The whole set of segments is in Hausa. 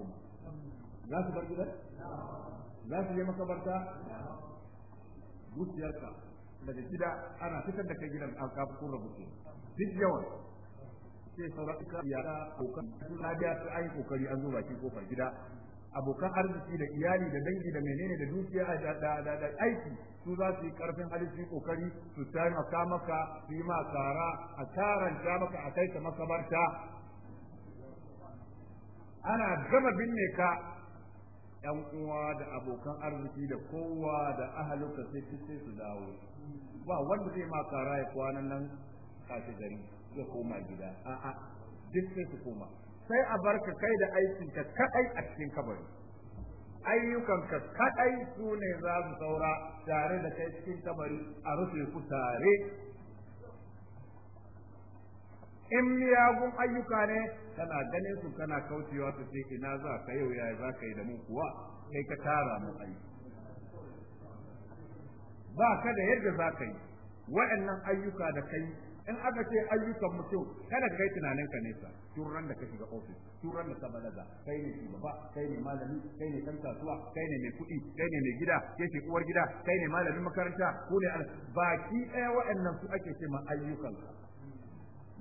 goma za su bar gidan za su je makabarta zuciyarka daga gida ana fitar da kai gidan an kafin rubuce duk yawan sai sauran ka ya kokari na biya su ayi kokari an zo baki kofar gida abokan arziki da iyali da dangi da menene da dukiya da aiki su za su yi karfin hali su yi kokari su taimaka maka su yi ma kara a karanta maka a kai ta makabarta ana gama binne ka yan uwa da abokan arziki da kowa da ahaluka sai sai su dawo ba wanda zai maka kara ya kwanan nan kashi gari ya koma gida a'a duk sai su koma sai a bar ka kai da ka kadai a cikin kabari ka kadai su ne za su saura tare da kai cikin kabari a rufe ku tare in miyagun ayyuka ne kana ganin su kana kaucewa su ce ina za ka yau yaya za ka yi da mu kuwa kai ka tara mu aiki ba ka da yadda za ka yi wa'annan ayyuka da kai in aka ce ayyukan mutum kada ka kai tunanin ka nesa turan da ka shiga ofis turan da ka balaga kai ne shugaba kai ne malami kai ne kan kasuwa kai ne mai kuɗi kai ne mai gida ke ce uwar gida kai ne malamin makaranta ko ne baki ɗaya wa'annan su ake ce ma ayyukan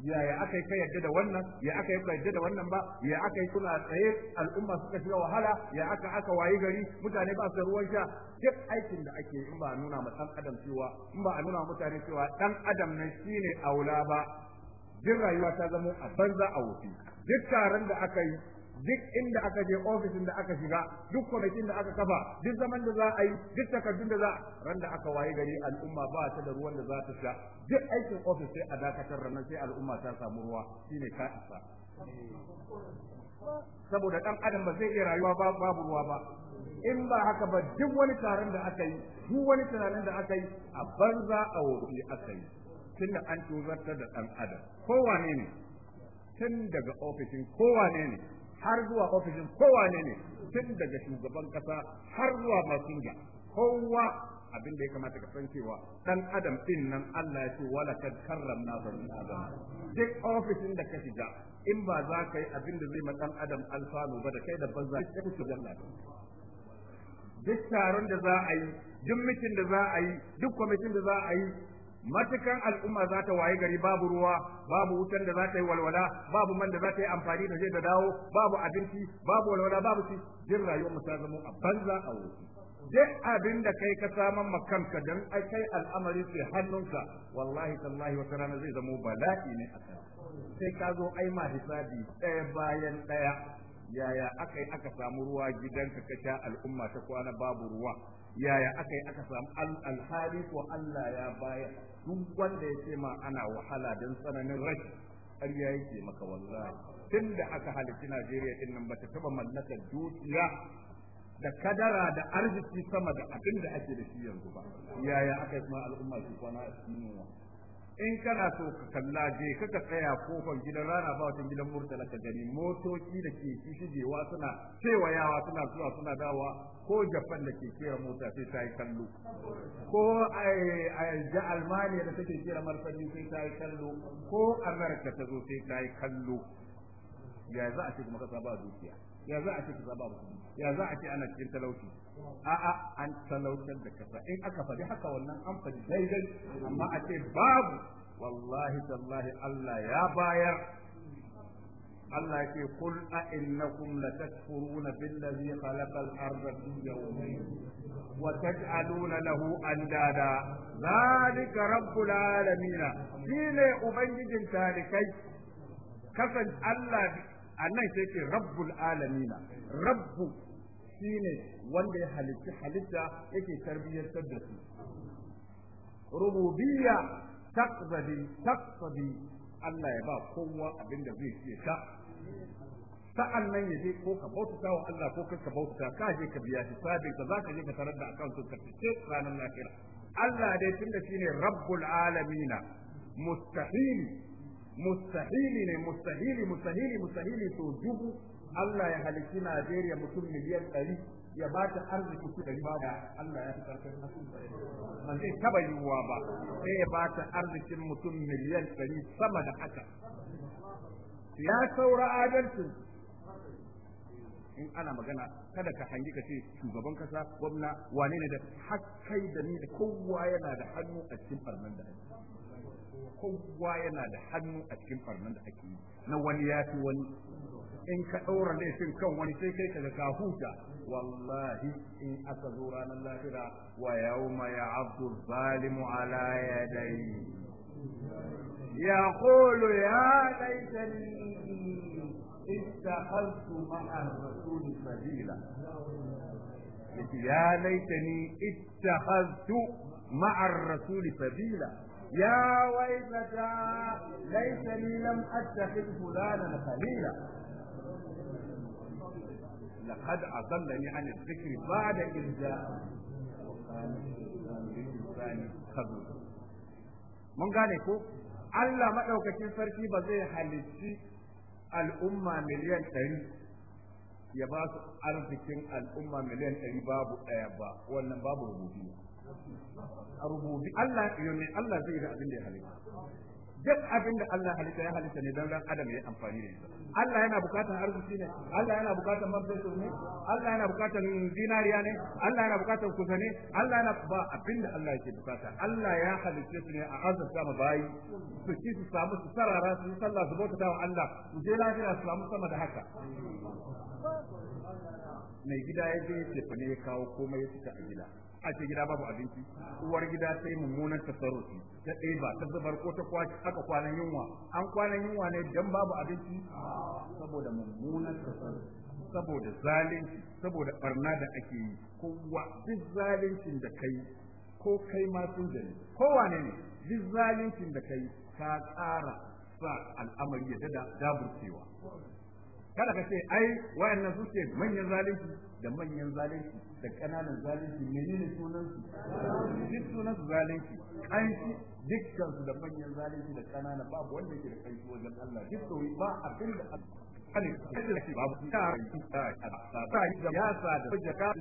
yaya aka yi ka da wannan ya aka yi ka da wannan ba ya aka yi suna tsaye al'umma suka shiga wahala ya aka aka wayi gari mutane ba su ruwan sha duk aikin da ake in ba nuna ma dan adam cewa in ba a nuna mutane cewa dan adam ne shine aula ba duk rayuwa ta zama a banza a wofi duk taron da aka yi duk inda aka je ofisin da aka shiga duk kwamitin da aka kafa duk zaman da za a yi duk takardun da za ran da aka waye gari al'umma ba ta da ruwan da za ta sha duk aikin ofis sai a dakatar ranar sai al'umma ta samu ruwa shine ka isa saboda dan adam ba zai iya rayuwa ba babu ruwa ba in ba haka ba duk wani taron da aka yi duk wani tunanin da aka yi a banza a wofi aka yi tunda an tuzartar da dan adam kowane ne tun daga ofishin kowane ne har zuwa ofishin kowane ne tun daga shugaban kasa har zuwa masinja kowa abin da ya kamata ka san cewa dan adam din nan Allah ya ce wala kad karramna bani adam duk ofishin da ka shiga in ba za ka yi abin da zai ma dan adam alfanu ba da kai da banza ka janna duk taron da za a yi duk mitin da za a yi duk kwamitin da za a yi matukan al'umma za ta waye gari babu ruwa babu wutan da za ta yi walwala babu man da za ta yi amfani da zai da dawo babu abinci babu walwala babu ci jin rayuwar mu ta zama a banza a wuri duk abin da kai ka saman makanka dan ai kai al'amari ke hannunka wallahi tallahi wa rana zai zama bala'i ne a kai sai ka zo ai ma hisabi ɗaya bayan ɗaya yaya aka yi aka samu ruwa gidanka ka sha al'umma ta kwana babu ruwa yaya aka yi aka samu alhali ko Allah ya baya duk wanda ya ce ma ana wahala don tsananin rashi ya yake maka wallahi tun da aka halitta Najeriya din nan bata taba mallakar dukiya da kadara da arziki sama da abin da ake da shi yanzu ba yaya aka yi kuma al'umma su kwana a cikin in kana so ka kalla je kaka tsaya kofar gidan rana ba wata gidan murtala ka gani motoci da ke shigewa suna cewa yawa suna zuwa suna dawa ko japan da ke kera mota sai ta yi kallo ko eh, eh, a almaniya da take kera martani sai ta yi kallo ko amerika ta zo sai ta yi kallo ya za a ce kuma kasa ba zuciya. ya za a ce kaza babu kuɗi ya za a ce ana cikin talauci a'a an talautar da kasa in aka faɗi haka wannan an faɗi daidai amma a ce babu wallahi tallahi Allah ya bayar Allah ke kul a innakum latakfuruna billazi khalaqal arda fi yawmayn wa taj'aluna lahu andada zalika rabbul alamin shine ubangijin talikai kasan Allah annan sai ce rabbul alamina rabbu shine wanda ya halitta halitta yake tarbiyyar da su rububiyya taqdi taqdi Allah ya ba kowa abin da zai fiye ta. sa'an nan ya je ko ka bautata wa Allah ko ka bautata ka je ka biya hisabin ka zaka je ka tarar da akan ka fice ranar lafiya Allah dai tunda shine rabbul alamina mustahili mustahili ne mustahili mustahili mustahili to dubu Allah ya halici Najeriya mutum miliyan ɗari ya ba ta arziki su ɗari ba da Allah ya fi ƙarfin nasu ba zai taɓa yiwuwa ba sai ya ba ta arzikin mutum miliyan ɗari sama da haka ya saura adalcin in ana magana kada ka hangi ka ce shugaban kasa gwamna wane ne da hakkai da ni da kowa yana da hannu a cikin farnan da kowa yana da hannu a cikin farnan da ake yi na wani ya fi wani in ka ɗaura laifin kan wani sai kai kaga ka huta wallahi in aka zo ranar lafira wa yawma ya abdu zalimu ala ya yaqulu ya laitani ittakhadtu ma'a rasul sabila ya laitani ittakhadtu ma'a rasul sabila يا ويلتى ليتني لم أتخذ فلانا خليلا لقد أضلني عن الذكر بعد إذ جاء mun gane ko Allah maɗaukacin sarki ba zai halicci al'umma miliyan ɗari ya ba su arzikin al'umma miliyan ɗari babu ɗaya ba wannan babu rubutu rububi Allah yone Allah zai da abin da ya halitta duk abin da Allah halitta ya halitta ne dan ran adam ya amfani da shi Allah yana bukatar arziki ne Allah yana bukatar mabdaisu ne Allah yana bukatar dinariya ne Allah yana bukatar kusa ne Allah yana ba abin da Allah yake bukata Allah ya halitta su ne a azurta ma bayi su ci su samu su sarara su sallah su bauta wa Allah su je lafiya su samu sama da haka mai gida ya je ya kawo komai ya fita a gida a ce gida babu abinci uwar gida sai mummunan tasarrufi ta ba ta zubar ko ta kwaci aka kwanan yunwa an kwanan yunwa ne dan babu abinci saboda mummunan tasarrufi saboda zalunci saboda barna da ake yi kowa duk zaluncin da kai ko kai ma sun jani kowane ne duk zaluncin da kai ka tsara sa al'amari ya dada daburcewa kada ka ce ai wayannan su ce manyan zalunci da manyan zalunci da kananan zalunci menene sunan su duk sunan su zalunci kanshi dukkan su da manyan zalunci da kanana babu wanda yake da kanshi wajen Allah duk kawai ba abin da ta ya sa da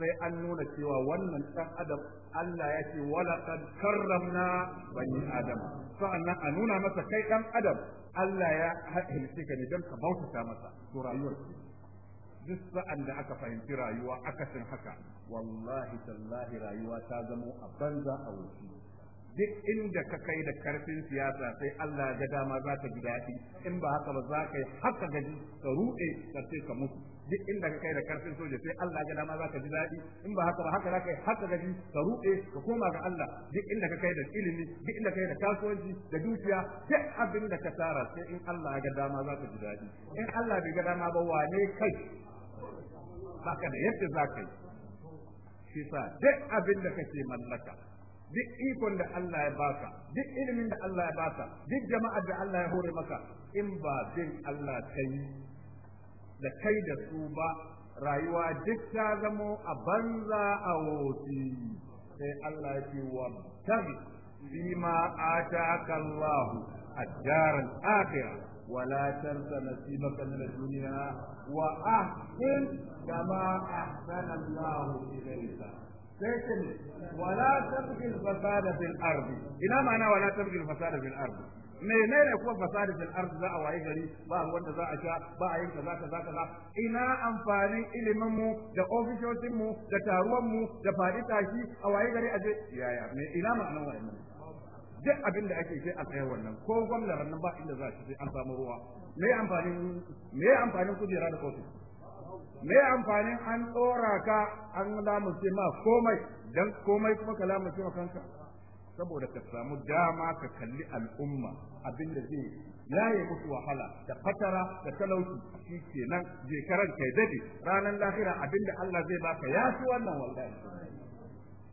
sai an nuna cewa wannan ɗan adam Allah ya ce walaqad karramna bani adam sa'annan a nuna masa kai ɗan adam Allah ya halice ka ne don ka bautata masa to rayuwar ce duk sa'an da aka fahimci rayuwa aka san haka wallahi tallahi rayuwa ta zamo a banza a wuce duk inda ka kai da karfin siyasa sai Allah ga dama za ka ji daɗi in ba haka ba za ka yi haka gaji ka ruɗe ka ce ka mutu duk inda ka kai da karfin soja sai Allah ga dama za ka ji daɗi in ba haka ba haka za ka yi haka gaji ka ruɗe ka koma ga Allah duk inda ka kai da ilimi duk inda ka kai da kasuwanci da dukiya duk abin da ka tara sai in Allah ga dama za ka ji daɗi in Allah bai ga dama ba wane kai haka da yadda za ka yi shi sa duk abin da kake mallaka duk ikon da Allah ya baka duk ilimin da Allah ya baka duk jama'a da Allah ya hore maka in ba bin Allah kai da kai da su ba rayuwa duk ta zamo a banza a wofi sai Allah ya ce wa tabi bima ataka Allah ad-dar al-akhirah nasibaka min نصيبك dunya wa ahsin kama ahsana الله ilayka sai ce ne wala tabgil fasada fil ardi ina ma'ana wala tabgil fasada fil ardi menene kuma fasada fil ardi za a waye gari ba wanda za a sha ba a yin kaza kaza kaza ina amfani ilimin mu da ofishotin mu da taruwan mu da fadi tashi a waye gari a je yaya me ina ma'ana wannan duk abin da ake ce a tsaya wannan ko gwamnatin nan ba inda za a ci sai an samu ruwa me amfanin me amfanin kujera da kofi me amfanin an tsora ka an lamunce ma komai dan komai kuma ka lamunce ma kanka saboda ka samu dama ka kalli al'umma abinda zai yaye musu wahala da fatara da talauci shi kenan je karan kai dade ranar lahira abinda Allah zai baka ya su wannan wallahi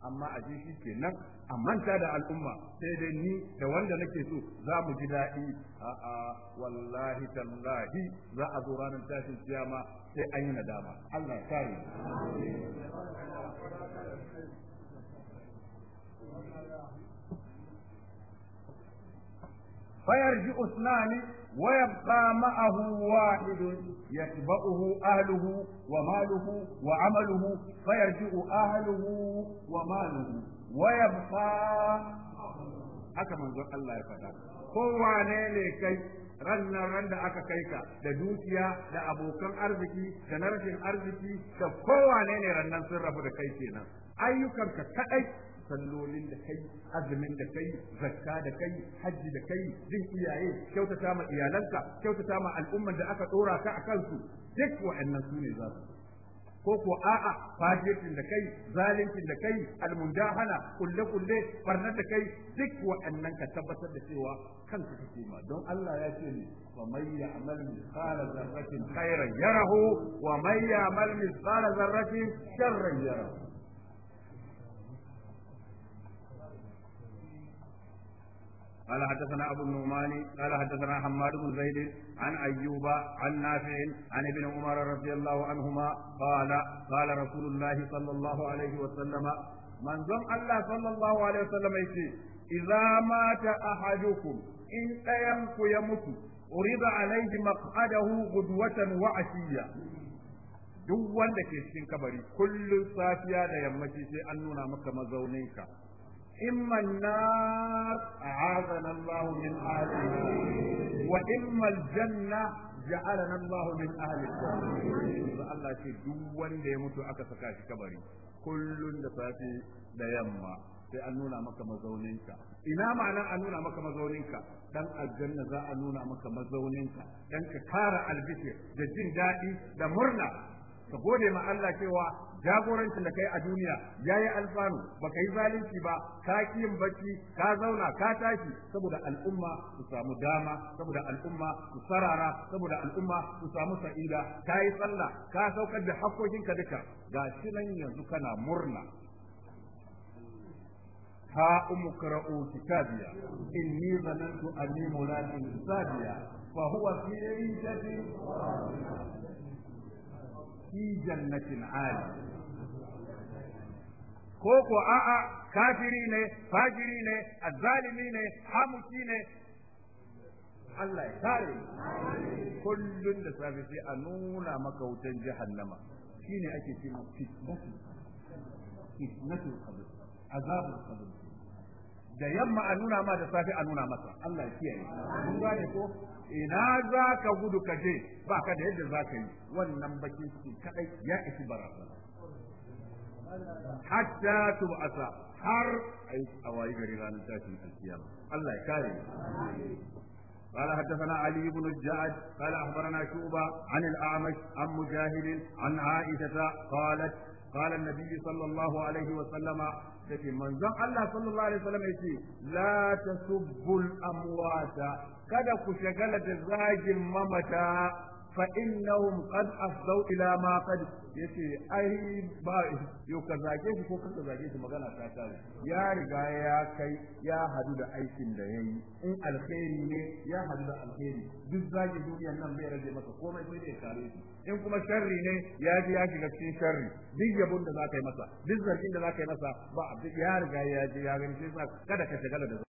amma a ji shi kenan a manta da al'umma sai dai ni da wanda nake so za mu ji daɗi a wallahi tallahi za a zo ranar tashin kiyama sai an yi nadama Allah ya kare ji اثنان ويبقى معه واحد يتبعه أهله وماله وعمله فيرجع أهله وماله ويبقى haka manzon Allah ya faɗa kowane ne kai rannan ran da aka kai ka da dukiya da abokan arziki da na rashin arziki da kowane ne rannan sun rabu da kai kenan ayyukanka kadai sallolin da kai azumin da kai zakka da kai hajji da kai jin iyaye kyautata ma iyalanka kyautata ma al'umman da aka dora ka a kansu duk wa'annan su ne za su ko ko a'a fajirin da kai zalincin da kai almundahana kulle kulle barnar da kai duk wa'annan ka tabbatar da cewa kanka kake ma don Allah ya ce ni wa man ya'mal mithqala dharratin khairan yarahu wa man ya'mal mithqala dharratin sharran yarahu قال حدثنا أبو النعمان قال حدثنا حماد بن زيد عن أيوب عن نافع عن ابن عمر رضي الله عنهما قال قال رسول الله صلى الله عليه وسلم من زم الله صلى الله عليه وسلم يقول إذا مات أحدكم إن أيمك يمت أريد عليه مقعده غدوة وعشية duk wanda ke cikin kabari kullum safiya da yammaci sai an nuna maka mazauninka إما النار أعاذنا الله من أهلها وإما الجنة جعلنا الله من أهل الجنة الله ce duk wanda ya mutu aka saka shi kabari kullum da safe da yamma sai an nuna maka mazauninka ina ma'ana an nuna maka mazauninka dan aljanna za a nuna maka mazauninka dan ka kara albishir da jin daɗi da murna ka gode ma Allah cewa jagorancin da kai a duniya yayi alfanu baka yi zalunci ba ka yin bacci ka zauna ka tashi saboda al'umma su samu dama saboda al'umma su sarara saboda al'umma su samu sa'ida ka yi sallah ka saukar da hakkokinka duka ga shi nan yanzu kana murna ha umqra'u kitabiya inni zanantu anni mulaqin hisabiya fa huwa fi 'ishatin fi jannatin ali ko ko a'a kafiri ne fajiri ne azzalimi ne hamuci ne Allah ya kare kullun da safe sai a nuna maka wutan jahannama shine ake cewa fitnatu fitnatu azabul qabr da yamma a nuna ma da safe a nuna masa Allah ya kiyaye mun gane ko ina za ka gudu ka je ba ka da yadda za ka yi wannan bakin ciki kadai ya isi barasa hatta tub'asa har ai a gari ranar tashin alkiyama Allah ya kare قال حدثنا علي بن الجعد قال أخبرنا شعبة عن الأعمش عن مجاهد عن عائشة قالت قال النبي صلى الله عليه وسلم take manzon Allah sallallahu alaihi wasallam yace la tasubbul amwata kada ku shagala da zagin mamata fa innahum qad afdau ila ma qad yace ai ba yo ka zage shi ko ka zage shi magana ta tare ya riga ya kai ya hadu da aikin da yayi in alkhairi ne ya hadu da alkhairi duk zagin duniyar nan bai rage masa komai sai da ya kare shi in kuma sharri ne ya ji ya shiga cikin sharri duk yabon da za ka yi masa duk zargin da za ka yi masa ba ya riga ya ji ya gani sai kada ka shagala da